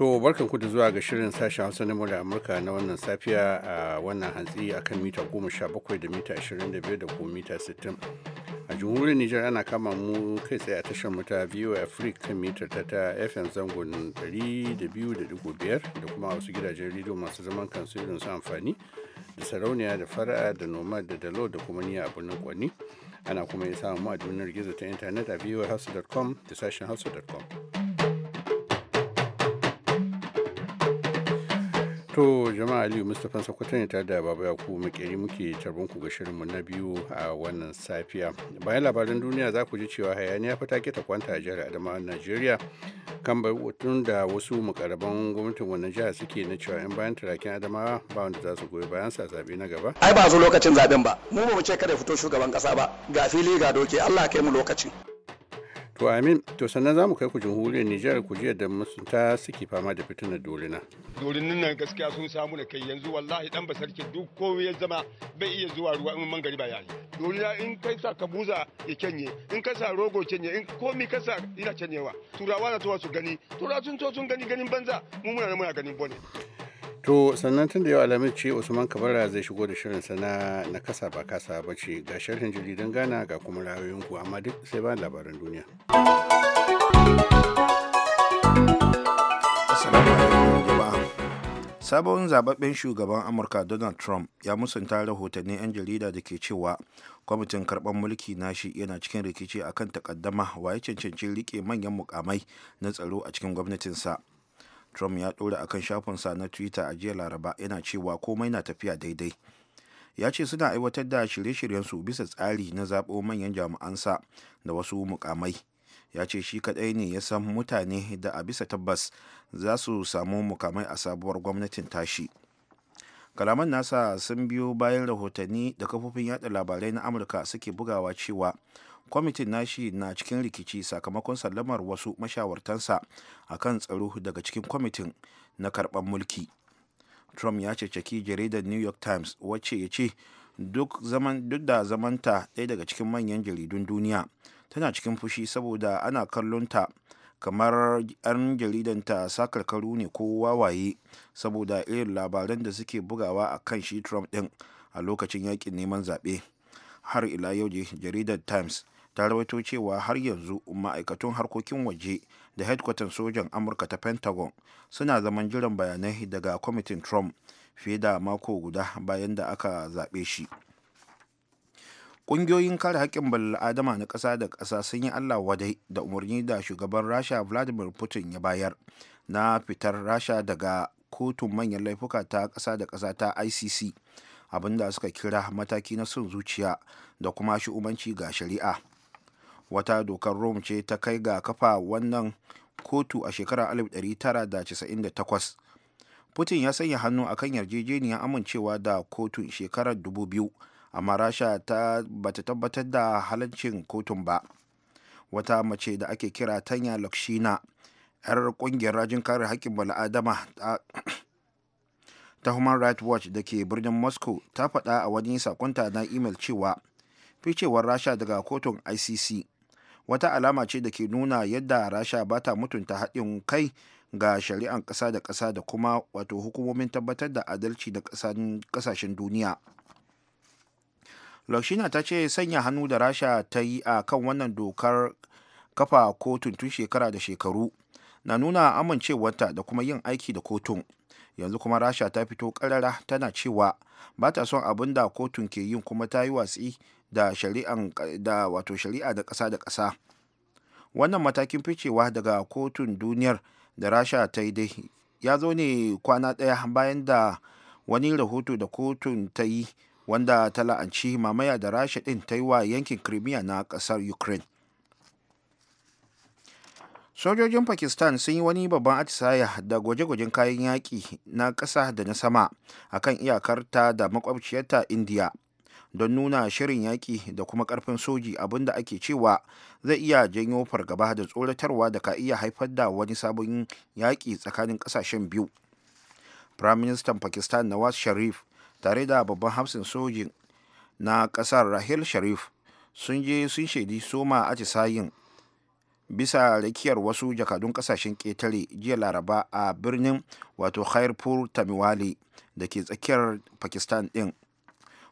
To ku da zuwa ga shirin sashen Hausa na Murya Amurka na wannan safiya a wannan hantsi akan mita 17 da mita 25 da kuma mita 60. A jamhuriyar Nijar ana kama mu kai tsaye a tashar mu ta VOA Africa kan mita ta ta FM zango 200.5 da kuma wasu gidajen rediyo masu zaman kansu irin su amfani da sarauniya da fara'a da noma da dalo da kuma niya a birnin Kwani. Ana kuma yi samun mu a duniyar gizo ta intanet a voahausa.com da sashen hausa.com. To jama'a Aliyu Mustapha Sokoto ne tare da Baba ku Makeri muke tarbon ku ga shirinmu na biyu a wannan safiya. Bayan labaran duniya za ku ji cewa hayaniya fa take ta kwanta a jihar adama Najeriya kan tun da wasu mukarraban gwamnatin wannan jihar suke na cewa in bayan turakin adama ba wanda za su goyi bayan sa zabe na gaba. Ai ba zo lokacin zaben ba. Mu ba mu ce kada fito shugaban kasa ba. Ga fili ga doke Allah kai mu lokacin. To Amin, to sannan za mu kai ku jamhuriyar Nijar ku jiya da masunta suke fama da fitinar dorina. Dolinin nan gaskiya sun samu da kai yanzu wallahi dan sarki duk kowa ya zama bai iya zuwa ruwa in mangari ba yayi. Dorina in kai sa kabuza ya kenye, in ka sa rogo kenye, in komi ka sa ina kenyewa. Turawa na towa su gani, turawa sun to sun gani ganin banza, mu muna muna ganin bone. to sannan tun da yau alamin ce usman kabara zai shigo da shirin sana na kasa ba kasa ba ce ga sharhin jaridan gana ga kuma ku amma duk sai ba labaran duniya sabon zababben shugaban amurka donald trump ya musanta rahotanni 'yan jarida da ke cewa kwamitin karɓar mulki na shi yana cikin rikici akan takaddama waye cancanci rike manyan mukamai na tsaro a cikin gwamnatinsa trump ya ɗora a kan shafinsa na twitter a jiya laraba yana cewa komai na tafiya daidai ya ce suna aiwatar da shirye shiryen su bisa tsari na zaɓo manyan jami'ansa da wasu mukamai ya ce shi kaɗai ne ya san mutane da a bisa tabbas za su samu mukamai a sabuwar gwamnatin tashi kalaman nasa sun biyo bayan rahotanni da kafofin yada labarai na amurka suke bugawa cewa kwamitin nashi na cikin rikici sakamakon sallamar wasu mashawartansa a kan tsaro daga cikin kwamitin na karɓar mulki trump ya ceceki jaridar new york times wacce ya ce duk da zamanta ɗaya daga cikin manyan jaridun duniya tana cikin fushi saboda ana kallonta kamar 'yan jaridanta sakarkaru ne ko wawaye saboda irin labaran da suke bugawa a kan shi trump ɗin a lokacin yakin neman zaɓe har ila yau jaridar times ta rawaito cewa har yanzu ma'aikatun harkokin waje da hedkwatan sojan amurka ta pentagon suna zaman jiran bayanai daga kwamitin trump fiye da mako guda bayan da aka zaɓe shi ƙungiyoyin kare haƙƙin adama na ƙasa da ƙasa sun yi allah wadai da umarni da shugaban rasha vladimir putin ya bayar na fitar rasha daga kotun manyan laifuka ta ƙasa da ƙasa ta icc abinda suka kira mataki na son zuciya da kuma shi'umanci ga shari'a wata dokar rome ce ta kai ga kafa wannan kotu a shekarar 1998 putin ya sanya hannu a kan yarjejeniyar amincewa da kotun shekarar 2000 amma rasha ta bata tabbatar da halancin kotun ba wata mace da ake kira tanya lakshina 'yar kungiyar rajin kare haƙƙin bala'adama ta human rights watch da ke birnin moscow ta faɗa a wani sakonta na imel cewa ficewar rasha daga kotun icc wata alama ce da ke nuna yadda rasha ba ta mutunta haɗin kai ga shari'an ƙasa da ƙasa da kuma wato hukumomin tabbatar da adalci da ƙasashen duniya lakshina ta ce sanya hannu da rasha ta yi a kan wannan dokar kafa kotun tun shekara da shekaru na nuna amincewarta da kuma yin aiki da kotun yanzu kuma rasha ta fito karara tana cewa ba ta son abin da kotun ke yin kuma ta yi watsi da shari'an da wato shari'a da ƙasa da ƙasa wannan matakin ficewa daga kotun duniyar da rasha ta yi dai ya zo ne kwana ɗaya bayan da wani rahoto da kotun ta yi wanda ta la'anci mamaya da rasha ɗin ta yi wa yankin crimea na ƙasar ukraine sojojin pakistan sun yi wani babban atisaya da gwaje-gwajen kayan yaƙi na ƙasa da na sama akan iyakarta da makwabciyarta india don nuna shirin yaƙi da kuma ƙarfin soji abin da ake cewa zai iya janyo fargaba da tsoratarwa da ka iya haifar da wani sabon yaƙi tsakanin ƙasashen biyu firaministan pakistan nawaz sharif tare da babban hafsin sojin na ƙasar rahil sharif sun je sun shaidi soma a atisayin bisa rakiyar wasu jakadun ƙasashen ƙetare jiya laraba a birnin wato khairpur tamiwali da ke tsakiyar pakistan ɗin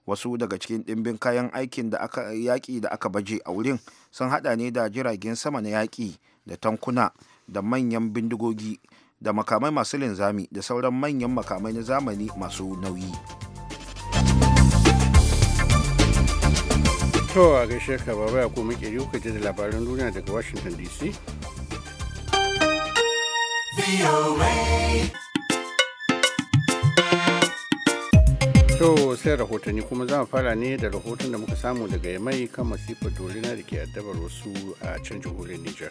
wasu daga cikin ɗimbin kayan aikin da aka yaƙi da aka baje a wurin sun haɗa ne da jiragen sama na yaƙi da tankuna da manyan bindigogi da makamai masu linzami da sauran manyan makamai na zamani masu nauyi to a gaishe ka baba ya kuma kiri kuka da labaran duniya daga washington dc To sai rahotanni kuma za mu fara ne da rahoton da muka samu daga yamai kan masifar dorina da ke addabar wasu a can jamhuriyar niger.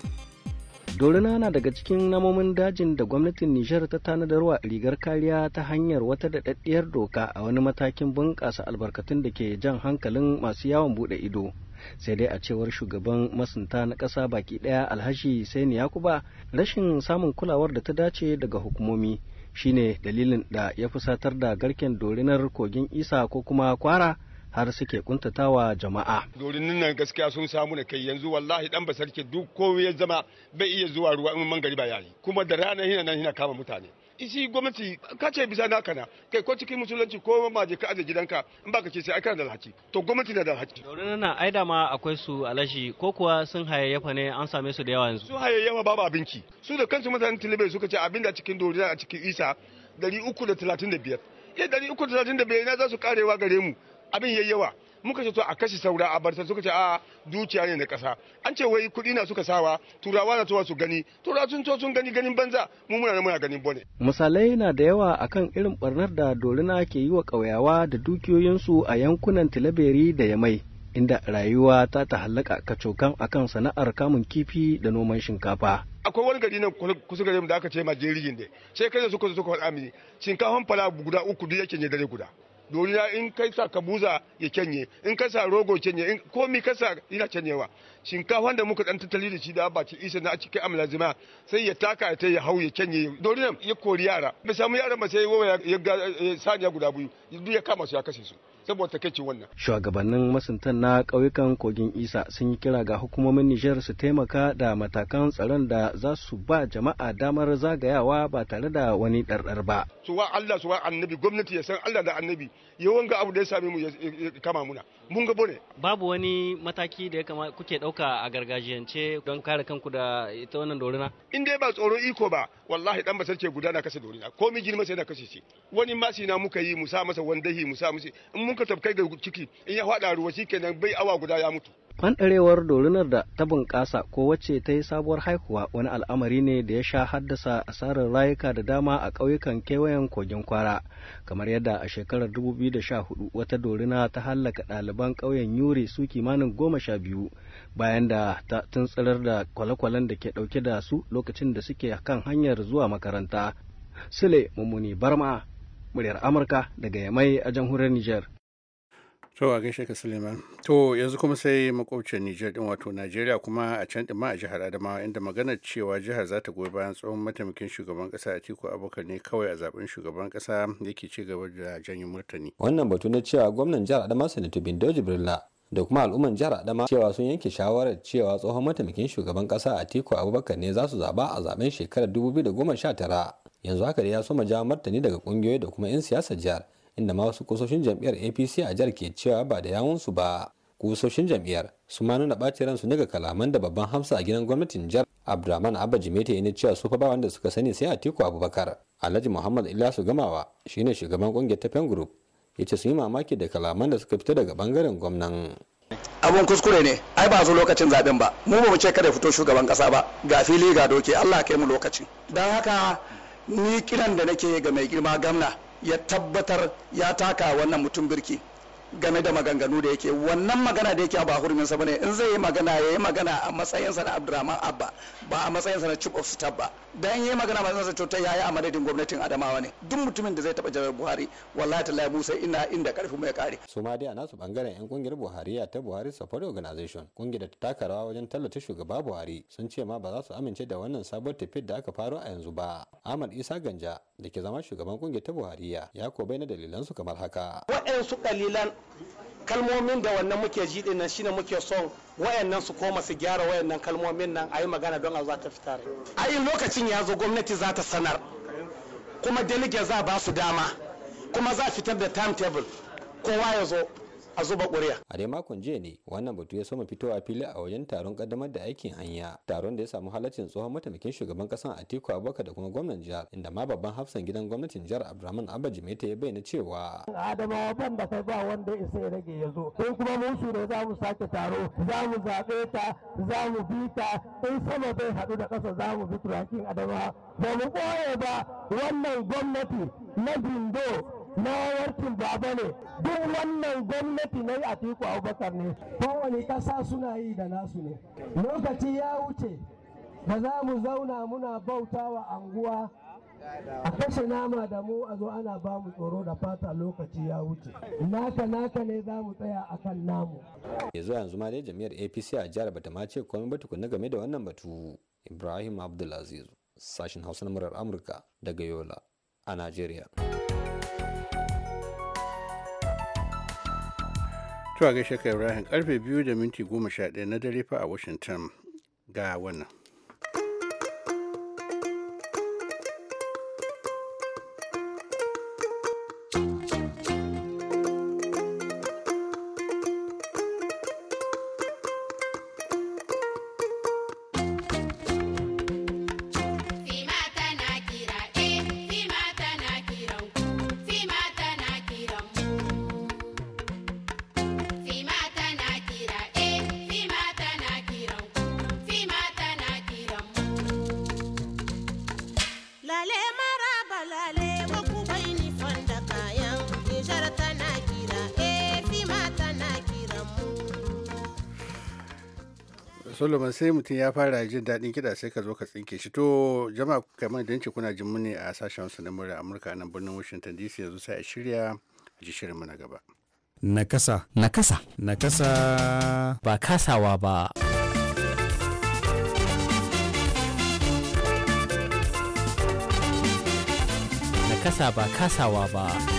Dorina na daga cikin namomin dajin da gwamnatin Nijar ta tanadarwa rigar kariya ta hanyar wata daɗaɗɗiyar doka a wani matakin bunƙasa albarkatun da ke jan hankalin masu yawon buɗe ido. sai dai a cewar shugaban masunta na ƙasa baki ɗaya alhashi sai ni yakuba rashin samun kulawar da ta dace daga hukumomi shine dalilin da ya fusatar da garken dorinar kogin isa ko kuma kwara har suke kuntatawa jama'a. Dorinin nan gaskiya sun samu da kai yanzu wallahi dan basarke duk ko ya zama bai iya zuwa ruwa in mangari ba yayi kuma da ranar hina nan hina kama mutane. isi gwamnati ka ce bisa naka na kai ko cikin musulunci ko ma je ka aje gidanka in baka ce sai ai kana da alhaki to gwamnati na da alhaki dorin nan ai da ma akwai su alashi ko kuwa sun hayayyafa ne an same su da yawa yanzu su hayayyafa babu abinci su da kansu mutanen tilibe suka ce abin cikin dori a cikin isa 335 ya 335 na za su karewa gare mu abin yayyawa muka ce to a kashe saura a barta suka ce a dukiya ne na kasa an ce wai kuɗi na suka sawa turawa na towa su gani turawa sun to sun gani ganin banza mu muna muna ganin bone misalai na da yawa akan irin barnar da dorina ke yi wa ƙauyawa da dukiyoyinsu a yankunan tilaberi da yamai inda rayuwa ta tahallaka kacokan akan sana'ar kamun kifi da noman shinkafa. akwai wani gari na kusa gari da aka ce ma jirgin da sai kai suka zo suka faɗa mini shinkafan fara guda uku duk yake ne dare guda duniya in kai sa kabuza ya kenye in ka sa rogo kenye ko mi ka sa kenyewa shinkafa da muka dan tattali da shi da baki isa na a cikin amlazima sai ya taka ta ya hau ya kenye duniya ya kori yara ba samu yaran ba sai ya sanya guda biyu duk ya kama su ya kashe su saboda takeici wannan shugabannin masuntan na ƙauyukan kogin isa sun yi kira ga hukumomin nijar su taimaka da matakan tsaron da za su ba jama'a damar zagayawa ba tare da wani ɗarɗar ba suwa allah suwa annabi gwamnati ya san allah da annabi yawan ga abu da ya same mu ya kama muna mun ga bone babu wani mataki da ya kama kuke ɗauka a gargajiyance don kare kanku da ita wannan dorina in dai ba tsoron iko ba wallahi dan basar ce guda na kasa dorina mi girma sai na kashe shi wani masina muka yi mu sa masa wandahi mu sa musu in mun ka tafkai da ciki in ya faɗa ruwa shikenan bai awa guda ya mutu fanɗarewar dorinar da ta bunƙasa ko wacce ta yi sabuwar haihuwa wani al'amari ne da ya sha haddasa asarar rayuka da dama a ƙauyukan kewayen kogin kwara kamar yadda a shekarar 2014 wata dorina ta hallaka ɗaliban ƙauyen yuri su kimanin goma sha biyu bayan da ta tuntsirar da kwale-kwalen da ke ɗauke da su lokacin da suke kan hanyar zuwa makaranta sule mummuni barma muryar amurka daga yamai a jamhuriyar Nijar. To gaishe Suleiman. To yanzu kuma sai makwabcin Nijar din wato Najeriya kuma a can din ma a jihar Adamawa inda maganar cewa jihar za ta goyi bayan tsohon mataimakin shugaban kasa tiku Abubakar ne kawai a zaben shugaban kasa yake ci gaba da janyo murtani. Wannan batu na cewa gwamnan jihar Adamawa Sanatu Bindo Jibrilla da kuma al'umman jihar Adama cewa sun yanke shawarar cewa tsohon mataimakin shugaban kasa a Tiku Abubakar ne za su zaba a zaben shekarar 2019. Yanzu haka dai ya soma jawo martani daga kungiyoyi da kuma 'yan siyasar jihar inda ma wasu kusoshin jam'iyyar apc a jihar ke cewa ba da su ba kusoshin jam'iyyar su ma nuna ɓaci ransu daga kalaman da babban hamsa a gidan gwamnatin jihar abdulrahman abba jimete ne cewa su fa ba wanda suka sani sai atiku abubakar alhaji muhammad ilyasu gamawa shine shugaban kungiyar tafen group ya ce sun yi mamaki da kalaman da suka fita daga bangaren gwamnan abun kuskure ne ai ba zo lokacin zaben ba mu ba mu ce kada fito shugaban kasa ba ga fili ga doke Allah kai mu lokacin don haka ni kiran da nake ga mai girma gamna ya tabbatar ya taka wannan mutum birki game da maganganu da yake wannan magana da yake ba hurminsa bane in zai yi magana ya yi magana a matsayinsa na abdurrahman abba ba a matsayinsa na chief of staff ba dan yi magana ba zai cutar yayi a madadin gwamnatin adamawa ne duk mutumin da zai taba jarar buhari wallahi tallahi musa ina inda karfin mai kare su ma dai a nasu bangaren yan kungiyar buhariya ta buhari support organization kungiyar da ta taka rawa wajen tallata shugaba buhari sun ce ma ba za su amince da wannan sabon tafiyar da aka faro a yanzu ba ahmad isa ganja da ke zama shugaban kungiyar ta buhariya ya ko na dalilan su kamar haka waɗansu kalilan kalmomin da wannan muke ji din nan shine muke son wayannan su koma su gyara wayannan kalmomin nan a yi magana don a za ta fita a yi lokacin ya zo gwamnati za ta sanar kuma delegate za ba su dama kuma za fitar da timetable kowa ya zo a zuba ƙuri'a. A dai makon jiya ne wannan batu ya soma fitowa fili a wajen taron kaddamar da aikin hanya taron da ya samu halaccin tsohon mataimakin shugaban kasan Atiku Abubakar da kuma gwamnan jihar inda ma babban hafsan gidan gwamnatin jihar Abdulrahman Abba Jimeta ya bayyana cewa. Adamawa ban da kai ba wanda isa ya rage ya zo in kuma mun ne za mu sake taro za mu zaɓe ta za mu bi ta in sama zai haɗu da ƙasa za mu bi turakin Adamawa ba mu ɓoye ba wannan gwamnati na bindo na warkin baba ne duk wannan gwamnati na yi a tiku abubakar ne kowane ƙasa suna yi da nasu ne lokaci ya wuce ba za mu zauna muna bauta wa anguwa a kashe nama da mu a zo ana ba mu tsoro da fata lokaci ya wuce naka naka ne za mu tsaya a kan namu yanzu yanzu ma dai jami'ar apc a jihar bata ma ce komai ba kunna game da wannan batu ibrahim abdulaziz sashen hausa na murar amurka daga yola a najeriya Tuwa gaishe ka Ibrahim karfe biyu da minti goma sha ɗaya na dare fa a Washington ga wannan. Solomon sai mutum ya fara jin daɗin kiɗa sai ka zo ka tsinke shi to jama'a kamar da ce kuna jin ne a sashen wasu na murya Amurka nan birnin Washington DC yanzu sai a shirya a ji shirin na gaba. Nakasa. Nakasa. Nakasa. Ba kasawa ba. Nakasa ba kasawa ba.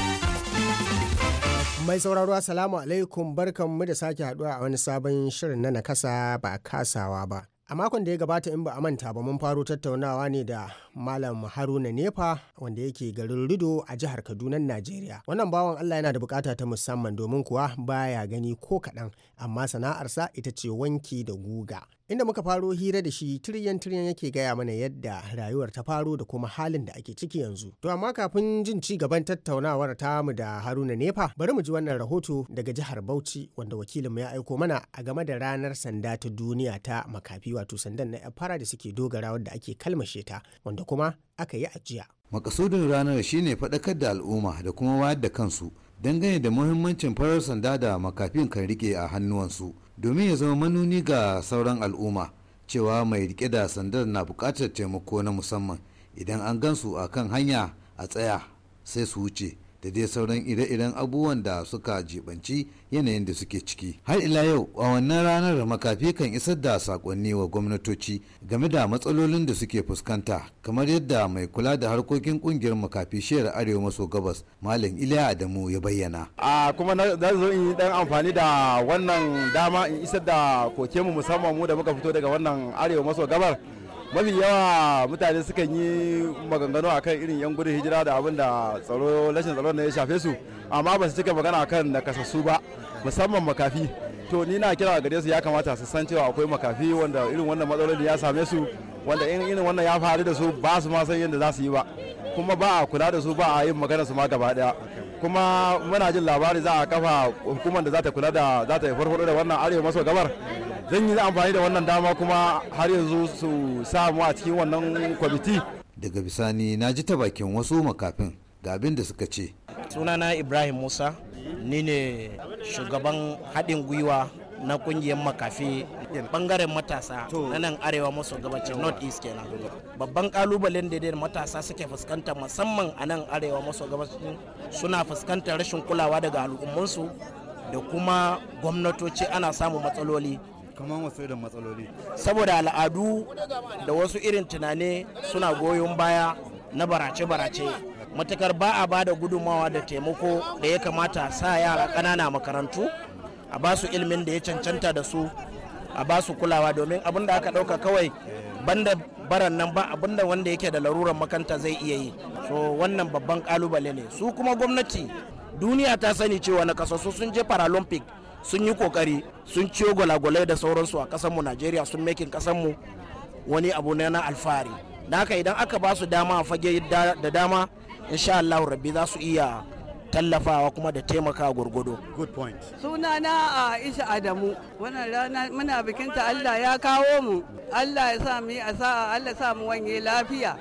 Mai sauraro Assalamu alaikum barkan mu da sake haduwa a wani sabon shirin na nakasa ba kasawa ba. A makon da ya gabata in ba a manta ba mun faro tattaunawa ne da Malam Haruna Nefa wanda yake garin Rido a jihar Kaduna, Najeriya. Wannan bawan Allah yana da bukata ta musamman domin kuwa baya gani ko kaɗan amma sana'arsa ita ce wanki da guga. inda muka faro hira da shi tiryan tiryan yake gaya mana yadda rayuwar ta faro da kuma halin da ake ciki yanzu to amma kafin jin ci gaban tattaunawar tamu da haruna nefa bari mu ji wannan rahoto daga jihar bauchi wanda wakilinmu ya aiko mana a game da ranar sanda ta duniya ta makafi wato sandan na fara da suke dogara wadda ake kalmashe ta wanda kuma aka yi ajiya makasudin ranar shine faɗakar da al'umma da kuma wayar da kansu dangane da muhimmancin farar sanda da makafin kan rike a hannuwansu domin ya zama manuni ga sauran al'umma cewa mai rike da sandar na bukatar taimako na musamman idan an gansu a kan hanya a tsaya sai su wuce da dai sauran ire-iren abubuwan da suka jibanci yanayin da suke ciki har ila yau a wannan ranar makafi kan isar da sakonni wa gwamnatoci game da matsalolin da suke fuskanta kamar yadda mai kula da harkokin kungiyar makafi shiyar arewa maso gabas malam iliya adamu ya bayyana a kuma na zo in yi dan amfani da wannan dama in isar da koke mu musamman mu da muka fito daga wannan arewa maso gabar mafi yawa mutane sukan yi maganganu akan irin yan gudun hijira da abin da tsaro rashin tsaro ne ya shafe su amma ba su cika magana akan nakasassu ba musamman makafi to ni na kira gare su ya kamata su san cewa akwai makafi wanda irin wannan matsaloli ya same su wanda irin wannan ya faru da su ba su ma san yadda za su yi ba kuma ba a kula da su ba a yin magana su ma gaba daya kuma muna jin labari za a kafa hukumar da za ta kula da za ta farfado da wannan arewa maso gabar zan yi amfani da wannan dama kuma har yanzu su samu a cikin wannan kwamiti daga bisani na ji ta bakin wasu makafin ga abin da suka ce sunana ibrahim musa ni ne shugaban haɗin gwiwa na kungiyar makafi bangaren matasa na nan arewa maso gabacin north east kenan babban kalubalen da matasa suke fuskanta musamman a nan arewa maso gabacin suna fuskantar rashin kulawa daga al'ummansu da kuma gwamnatoci ana samun matsaloli kamar wasu irin matsaloli saboda al'adu da wasu irin tunane suna goyon baya na barace-barace matukar ba a ba da gudunmawa da taimako da ya kamata sa yara ƙanana makarantu a ba su ilimin da ya cancanta da su a ba su kulawa domin abin da aka ɗauka kawai banda baran nan ba abin da wanda yake da laruran makanta zai iya yi so wannan babban kalubale ne su kuma gwamnati duniya ta sani cewa na kasasu sun je paralympic sun yi kokari sun ciyo gwalagwalai da sauransu a kasanmu najeriya sun mekin kasanmu wani abu na na alfahari da haka idan aka ba su dama a fage da dama insha allahu rabbi za su iya tallafawa kuma da taimaka gurgudu. Good point. Suna na Isha Adamu, wannan rana muna ta Allah ya kawo mu, Allah ya sa mu a asa'a, Allah sa mu wanye lafiya.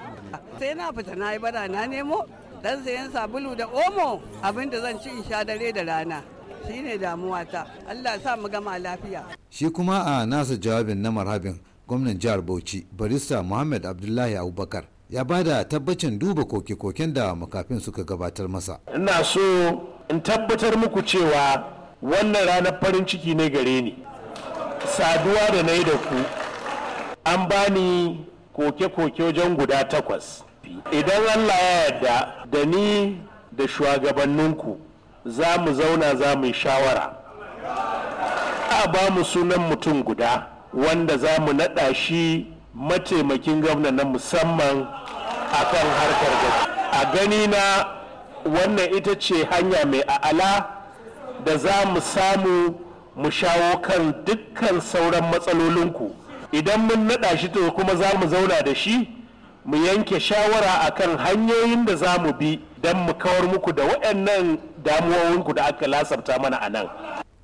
Sai na fita na yi bara na nemo, dan sayan sabulu da omo abin da zan ci in sha dare da rana. Shi ne damuwata, Allah ya sa mu gama lafiya. Shi kuma a nasa jawabin na marhabin gwamnan jihar Bauchi, barista Muhammad Abdullahi Abubakar ya ba da tabbacin duba koke-koken da makafin suka gabatar masa ina so in tabbatar muku cewa wannan ranar farin ciki ne gare ni saduwa da na yi da ku an bani koke-koke wajen guda takwas idan allah ya yarda da ni da shugabanninku za mu zauna za mu shawara a ba mu sunan mutum guda wanda za mu naɗa shi mataimakin gwamna na musamman akan harkar gaji a gani na wannan ita ce hanya mai a'ala da za mu samu mu shawo kan dukkan sauran matsalolinku idan mun naɗa shi to kuma za mu zauna da shi mu yanke shawara akan hanyoyin da za mu bi don mu kawar muku da waɗannan damuwowinku da aka lasafta mana a nan.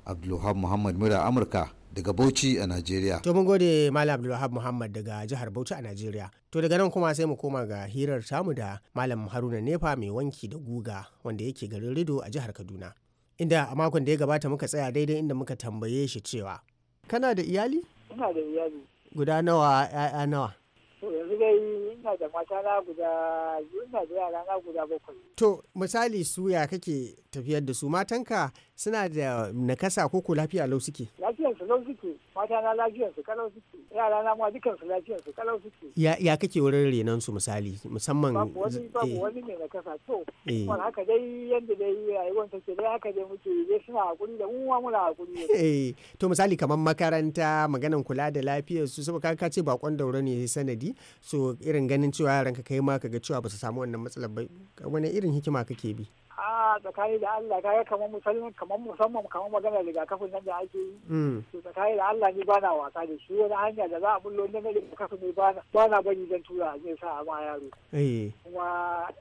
Abdulhamid Muhammad Mura Amurka daga Bauchi a Najeriya. To mun gode Malam Abdulwahab Muhammad daga jihar Bauchi a Najeriya. To daga nan kuma sai mu koma ga hirar tamu da Malam Haruna Nefa mai wanki da guga wanda yake garin Rido a jihar Kaduna. Inda a makon da ya gabata muka tsaya daidai inda muka tambaye shi cewa kana da iyali? Ina da iyali. Guda nawa 'ya'ya nawa? To yanzu dai ina da mata na guda biyu da yara na guda bakwai. To misali su ya kake tafiyar da su matanka suna da nakasa ko ko lafiya lau suke? Lafiyar su lau suke. mata na lafiyar su kalau suke yara na ma dukan su lafiyar su kalau suke ya ya kake wurin renon su misali musamman babu wani babu eh. wani ne na kasa to wani eh. haka dai yanda dai rayuwar take dai haka dai muke dai suna hakuri da mu ma muna hakuri eh to misali kamar makaranta maganan kula da lafiyar su saboda ka ce bakon daure ne sanadi so irin ganin cewa yaran ka kai ma kaga cewa ba su samu wannan matsalar ba wani irin hikima kake bi a tsakani da Allah kaga kamar musamman kamar musamman kamar maganar rigakafin nan da ake yi mm. to tsakani da Allah ni bana wasa da shi wani hanya da za a bullo na rigakafin ne bana bana bari zan tura zai sa a ma yaro eh. kuma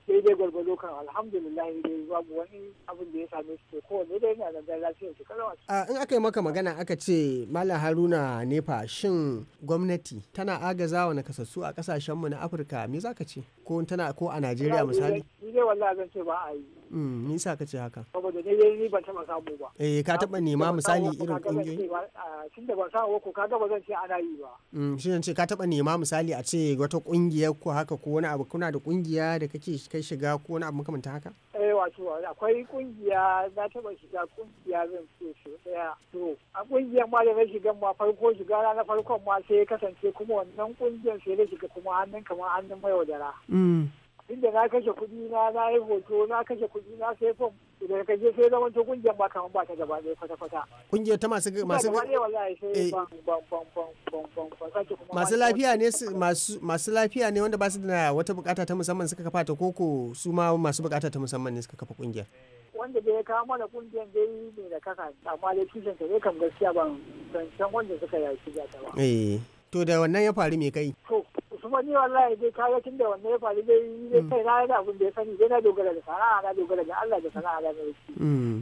daidai gwargwado kan alhamdulillah dai babu wani abin da ya same su ko kowanne dai yana zanzan lafiyar su kalawa in aka yi maka magana aka ce Malam Haruna Nefa shin gwamnati tana agazawa nakasassu a kasashen mu na Afirka me zaka ce ko tana ko a Najeriya misali ni dai wallahi zan ce ba a yi mm. nisa hmm, ka ce haka saboda ya yi ban taba samu ba eh ka taba nema misali irin kungiyoyi shin da ban samu ko ga ba zan ce ana yi ba mm shi ce ka taba nema misali a ce wata kungiya ko haka ko wani abu kuna da kungiya da kake kai shiga ko wani abu makamanta haka eh wato akwai kungiya na taba shiga kungiya zan ce shi daya to a kungiyar ma da na shiga ma farko shiga na farkon ma sai ya kasance kuma wannan kungiyar sai da shiga kuma hannun kamar hannun mai wadara hmm. inda na kashe kuɗi na na yi hoto na kashe kuɗi na sai fom idan ka je sai zaman to kungiyar ba kaman ba ta gaba ɗaya kwata kwata kungiyar ta masu masu masu lafiya ne masu lafiya ne wanda ba su da wata bukata ta musamman suka kafa ta koko su ma masu bukata ta musamman ne suka kafa kungiyar wanda bai kawo mana kungiyar dai ne da kaka amma dai tushen ta ne kan gaskiya ban san wanda suka yaki ta ba eh to da wannan ya faru me kai to kuma ni wallahi dai kaga tun da wannan ya faru dai dai mm. kai na da abin da ya sani dai na dogara da sana'a na dogara da Allah da sana'a da zai mm.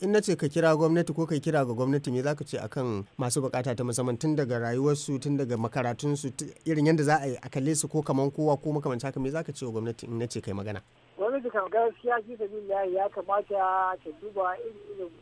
in na ce ka kira gwamnati ko ka kira ga gwamnati me zaka ce akan masu bukata ta musamman tun daga rayuwarsu tun daga makaratunsu irin yadda za a yi a kalle su ko kaman kowa ko makamanci haka me zaka ce wa gwamnati in na ce kai magana gwamnati kan gaskiya shi sabilillahi ya kamata ta duba irin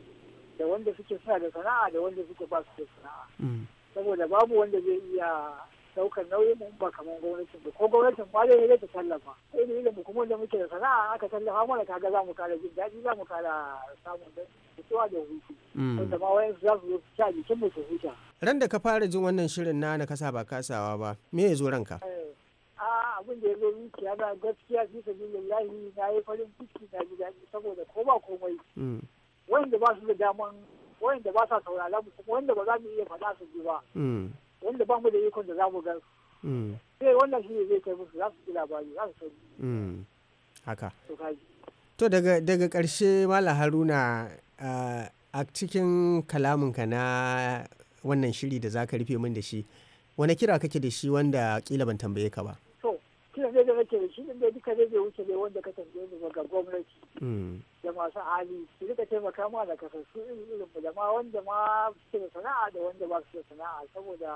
da wanda suke suna da sana'a da wanda suke ba su da sana'a mm. saboda babu wanda zai iya daukar nauyin mu ba kamar gwamnatin ba ko gwamnatin ba zai ta tallafa sai da ilimin kuma da muke da sana'a aka tallafa mana kaga za mu kara jin daɗi za mu kara samun fitowa da hutu mm. wanda ma wayan za su zo su jikin mu su huta ran da ka fara jin wannan shirin na na kasa ba kasawa ba me ya zo ranka eh, abin da ya zo zuciya na gaskiya fi sabilillahi na yi farin ciki na ji daɗi saboda ko ba komai mm. wanda ba su da daman wanda ba sa saurara mu kuma wanda ba za mu iya faɗa su ji ba mm. wanda ba mu da ikon da za mu gansu. sai mm. eh, wannan shi ne zai kai musu za su ji labari za su sani mm. haka to daga daga ƙarshe mala haruna a cikin ka na wannan shiri da za ka rufe min da shi wani kira kake da shi wanda kila ban tambaye ka ba to kira ne da nake da shi inda duka zai wuce ne wanda ka tambaye ni daga gwamnati mm. da masu hali su rika taimaka ma da kasassu irin da wanda ma suke da sana'a da wanda ba su da sana'a saboda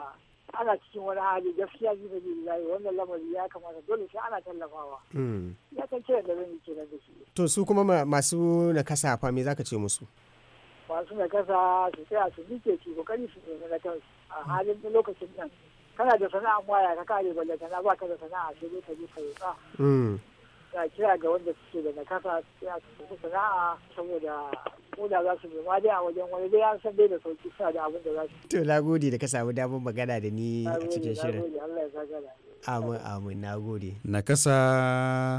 ana cikin wani hali gaskiya ji da biyu wannan lamari ya kamata dole sai ana tallafawa hmm. ya kan ce da zan ke da shi to su kuma masu nakasa fa me zaka ce musu masu nakasa su tsaya su nike su kokari su nemi na kansu a halin lokacin nan kana da sana'a ma ya ka kare balle kana ba ka da sana'a sai dai ka je ka roƙa ga kira ga wanda suke da nakasa ya su sana'a saboda koda za su nema dai a wajen wani dai an san dai da sauki suna da abin da za su. To lagodi da ka samu damar magana da ni a cikin shirin. Allah ya amin amin na gode nakasa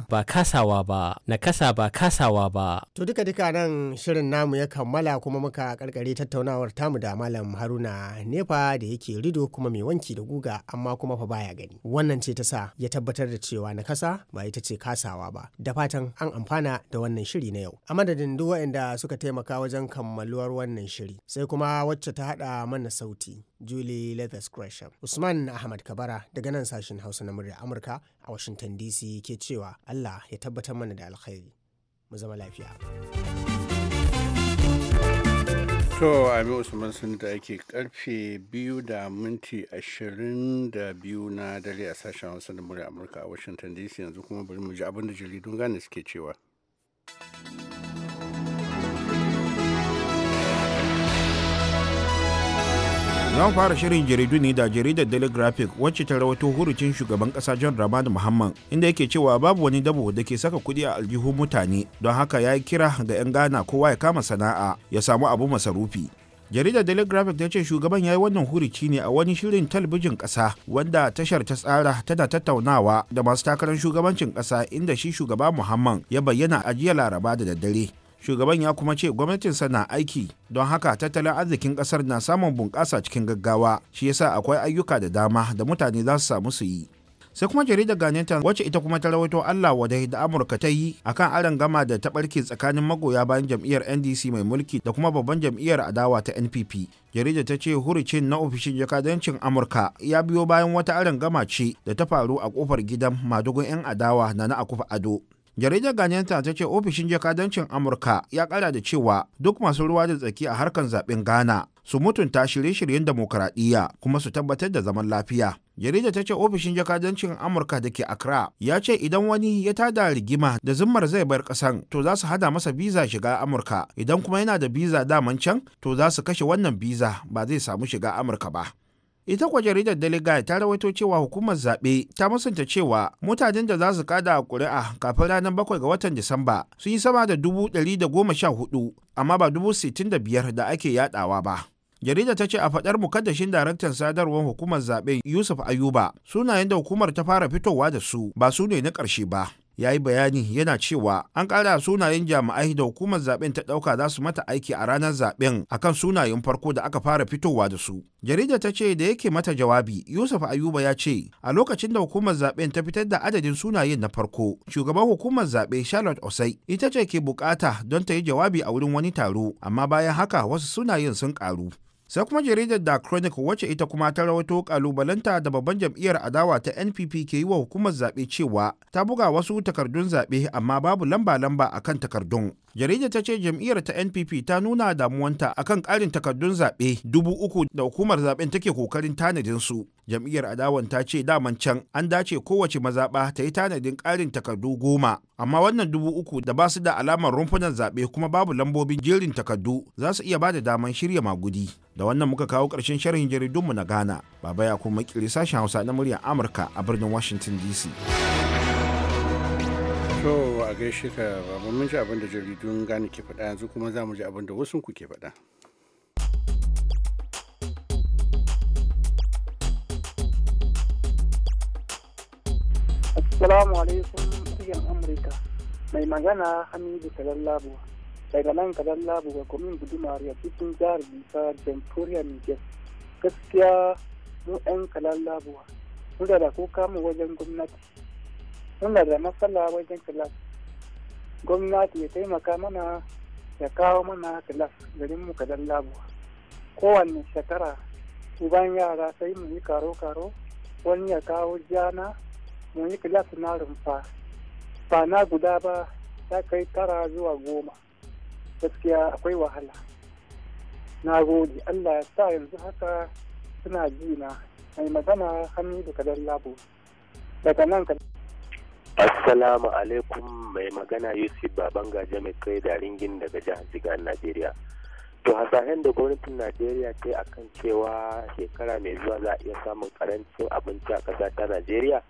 ba kasawa ba nakasa ba kasawa ba to duka duka nan shirin namu ya kammala kuma muka karkare tattaunawar tamu da malam haruna nefa da yake rido kuma mai wanki da guga amma kuma fa baya gani wannan ce ta sa ya tabbatar da cewa nakasa ba ita ce kasawa ba da fatan an amfana da wannan shiri na yau a madadin duk waɗanda suka taimaka wajen kammaluwar wannan shiri sai kuma wacce ta haɗa mana sauti julie leathers usman ahmad kabara daga nan sashin Hausa na murya Amurka a Washington DC ke cewa Allah ya tabbatar mana da alkhairi. Mu zama lafiya. To Ami Usman sun da ake karfe biyu da minti ashirin da biyu na dare a sashen Hausa na murya Amurka a Washington DC yanzu kuma bari mu ji abin da jaridun gane suke cewa. zan fara shirin jaridu ne da jaridar daily graphic wacce ta rawato hurucin shugaban kasa john ramani muhammad inda yake cewa babu wani dabo da ke saka kuɗi a aljihun mutane don haka ya yi kira ga 'yan ghana kowa ya kama sana'a ya samu abu masarufi jaridar daily graphic ta ce shugaban ya yi wannan hurici ne a wani shirin talabijin kasa wanda tashar ta tsara tana tattaunawa da masu takarar shugabancin kasa inda shi shugaba muhammad ya bayyana ajiya laraba da daddare shugaban ya kuma ce gwamnatinsa na aiki don haka tattalin arzikin kasar na samun bunƙasa cikin gaggawa shi yasa akwai ayyuka da dama da mutane za su samu su yi sai kuma jaridar ta wacce ita kuma ta rawaito allah wadai da amurka ta yi akan aron gama da ta barke tsakanin magoya bayan jam'iyyar ndc mai mulki da kuma babban jam'iyyar adawa ta npp jaridar ta ce hurucin na ofishin jakadancin amurka ya biyo bayan wata aron gama ce da ta faru a kofar gidan madugun 'yan adawa na na akufa ado jaridar ganyanta ta ce ofishin jakadancin amurka ya kara da cewa duk masu ruwa da tsaki a harkar zaɓen ghana su mutunta shirye-shiryen demokuraɗiyya kuma su tabbatar da zaman lafiya jaridar ta ce ofishin jakadancin amurka da ke accra ya ce idan wani ya tada rigima da zimmar zai bar kasan to za su hada masa biza shiga amurka idan kuma yana da biza daman can to za su kashe wannan biza ba zai samu shiga amurka ba ita kwa jaridar delegate ta rawaito cewa hukumar zaɓe ta musanta cewa mutanen da za su kada ƙuri'a kafin ranar bakwai ga watan disamba sun yi sama da dubu ɗari da goma sha hudu amma ba dubu sittin da biyar da ake yadawa ba jarida ta ce a faɗar mukaddashin daraktan sadarwar hukumar zaɓe yusuf ayuba sunayen da hukumar ta fara fitowa da su ba su ne na ƙarshe ba ya yi bayani yana cewa an ƙara sunayen jami'ai da hukumar zaben ta ɗauka za su mata aiki a ranar zaben akan sunayen farko da aka fara fitowa da su. Jarida ta ce da yake mata jawabi Yusuf Ayuba ya ce a lokacin da hukumar zaben ta fitar da adadin sunayen na farko shugaban hukumar zaɓe Charlotte Osai ita ce ke bukata don ta yi jawabi a wurin wani taro amma bayan haka wasu sunayen sun ƙaru. sai kuma jaridar da chronicle wacce ita kuma ta rawaito kalubalanta da babban jam'iyyar adawa ta npp ke yi wa hukumar zaɓe cewa ta buga wasu takardun zaɓe amma babu lamba-lamba a kan takardun jaridar ta ce jam'iyyar ta npp ta nuna damuwanta akan ƙarin takardun zaɓe dubu uku da hukumar zaɓen take kokarin tanadin su jam'iyyar adawan ta ce daman can an dace kowace mazaɓa ta yi tanadin ƙarin takardu goma amma wannan dubu uku da ba su da alamar rumfunan zaɓe kuma babu lambobin jerin takardu za su iya ba da daman shirya magudi da wannan muka kawo ƙarshen sharhin jaridunmu na ghana baba ya kuma kiri sashen hausa na muryar amurka a birnin washington dc to a gaishe ka babu mun ji abin da jaridun ghana ke faɗa yanzu kuma za mu ji abin da wasu ku ke faɗa Assalamu alaikum, Amurka. Mai magana Hamidu Salallahu daga nan kadan labu ga kwamin gudumar ya cikin jihar bisa jamhuriyar niger gaskiya mu 'yan kalan labuwa muna da kuka mu wajen gwamnati muna da matsala wajen kilas gwamnati ya taimaka mana ya kawo mana kilas garin mu kadan labuwa kowanne shekara uban yara sai mu yi karo-karo wani ya kawo jana mu yi kilas na rumfa ba na guda ba ta kai tara zuwa goma gaskiya akwai wahala na gode allah ya sa yanzu haka suna jina mai magana hannu da kadar labo daga nan ka assalamu alaikum mai magana yusuf baban gaje mai kai da ringin daga jihar jigar najeriya to hasashen da gwamnatin najeriya ta yi kan cewa shekara mai zuwa za a iya samun karancin abinci a ƙasa ta najeriya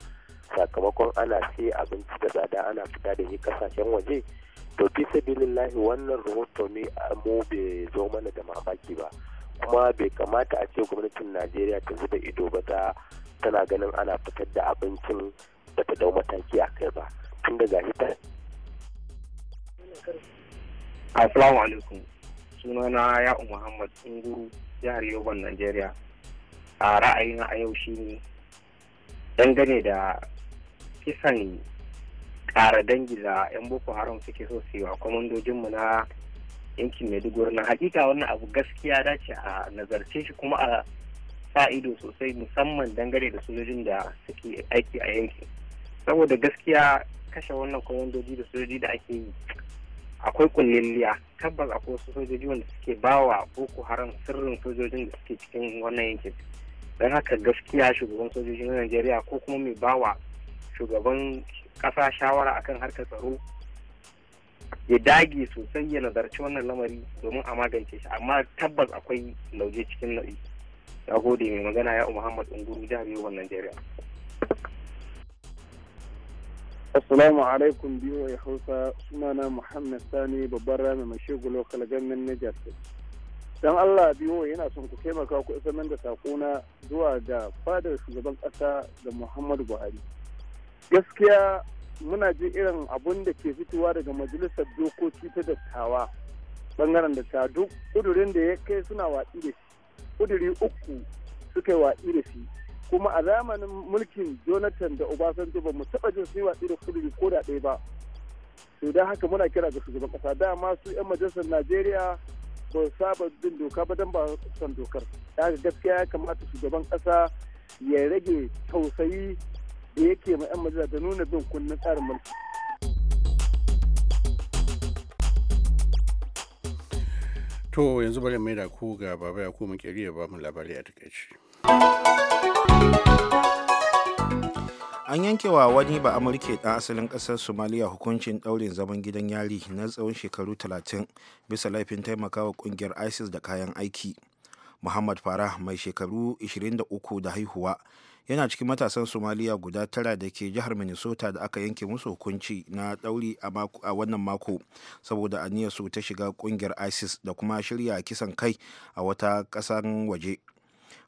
sakamakon ana sai abinci da tsada ana fita da shi ƙasashen waje to fi sabilillahi wannan rahoto ne mu bai zo mana da mamaki ba kuma bai kamata a ce gwamnatin najeriya ta zuba ido ba ta tana ganin ana fitar da abincin da ta dau mataki a kai ba tun da gashi ta assalamu alaikum sunana ya'u muhammad tsunguru jihar yoban najeriya a ra'ayina a yau shine dangane da kisan tsara dangi da 'yan boko haram suke so su yi wa kwamandojinmu na yankin maiduguri na hakika wannan abu gaskiya dace a nazarce shi kuma a sa ido sosai musamman dangare da sojojin da suke aiki a yankin saboda gaskiya kashe wannan kwamandoji da sojoji da ake yi akwai kullilliya tabbas akwai wasu sojoji wanda suke bawa boko haram sirrin sojojin da suke cikin wannan yankin don haka gaskiya shugaban sojojin na najeriya ko kuma mai bawa shugaban ƙasa shawara akan harkar tsaro ya dage sosai ya nazarci wannan lamari domin a magance shi amma tabbas akwai lauje cikin nau'i ya gode mai magana ya muhammad unguru jihar yoban najeriya assalamu alaikum biyu ya hausa sunana muhammad sani babban rami mai shigulo na niger don allah biyu yana son ku taimaka ku isa da sakona zuwa ga fadar shugaban kasa da muhammadu buhari gaskiya muna ji irin abun da ke fitowa daga majalisar dokoki ta dattawa bangaren da ta duk kudurin da ya kai suna watsi da shi kuduri uku suka yi watsi da shi kuma a zamanin mulkin jonathan da obasanjo ba mu taba jin su yi watsi da kuduri ko da ɗaya ba to don haka muna kira ga shugaban kasa dama su 'yan majalisar najeriya ba saba bin doka ba don ba son dokar da gaskiya ya kamata shugaban kasa ya rage tausayi da yake ma 'yan majalisa da nuna bin kunnen tsarin mulki. To yanzu bari mai da ku ga baba ya kuma kiri ya ba mu labari a takaici. An yankewa wani ba Amurke ɗan asalin ƙasar Somaliya hukuncin ɗaurin zaman gidan yari na tsawon shekaru 30 bisa laifin taimakawa ƙungiyar ISIS da kayan aiki. Muhammad Farah mai shekaru 23 da haihuwa yana cikin matasan somaliya guda tara da ke jihar minnesota da aka yanke musu hukunci na dauri a wannan mako saboda su ta shiga kungiyar isis da kuma shirya kisan kai a wata ƙasan waje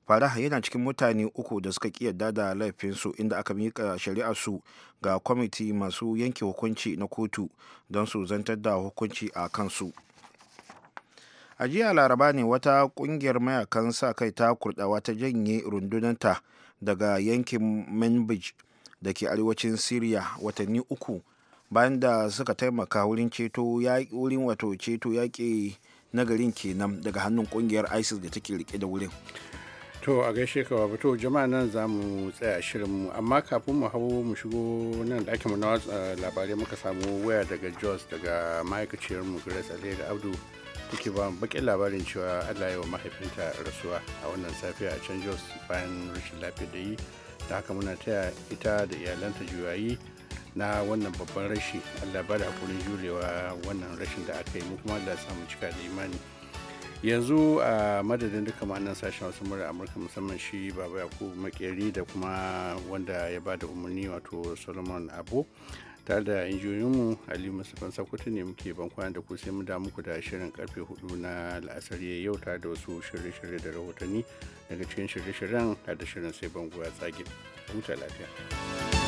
faraha yana cikin mutane uku da suka yadda da laifinsu inda aka miƙa su ga kwamiti masu yanke hukunci na kotu don su zantar da hukunci a kansu a jiya laraba ne wata kungiyar mayakan sa kai ta kurdawa ta janye rundunanta daga yankin manbij da ke arewacin siriya watanni uku bayan da suka taimaka wurin ceto wurin wato ceto yaƙi na garin kenan daga hannun kungiyar isis da take rike da wurin to a gaishe ka to jama'a nan za mu tsaya shirin mu amma kafin mu hau mu shigo nan da ake mu na labarai muka samu waya daga jos daga ma'aikaciyar mu grace alheri abdu kuke ba bakin labarin cewa allah wa mahaifinta rasuwa a wannan safiya a can jos bayan rashin lafiya da yi da haka muna taya ita da iyalanta juyayi na wannan babban rashi allah ba da hakurin jurewa wannan rashin da aka yi mu kuma allah samu cika da imani yanzu a madadin duka ma'anan sashen wasu murar amurka musamman shi baba yakubu makeri da kuma wanda ya ba da umarni wato solomon abu tare da injiyoyinmu ali musulman sakwato ne muke ban kwana da ku sai mu da muku da shirin karfe hudu na la'asar yau tare da wasu shirye-shirye da rahotanni daga cikin shirye-shiryen da shirin sai ban ya tsage huta lafiya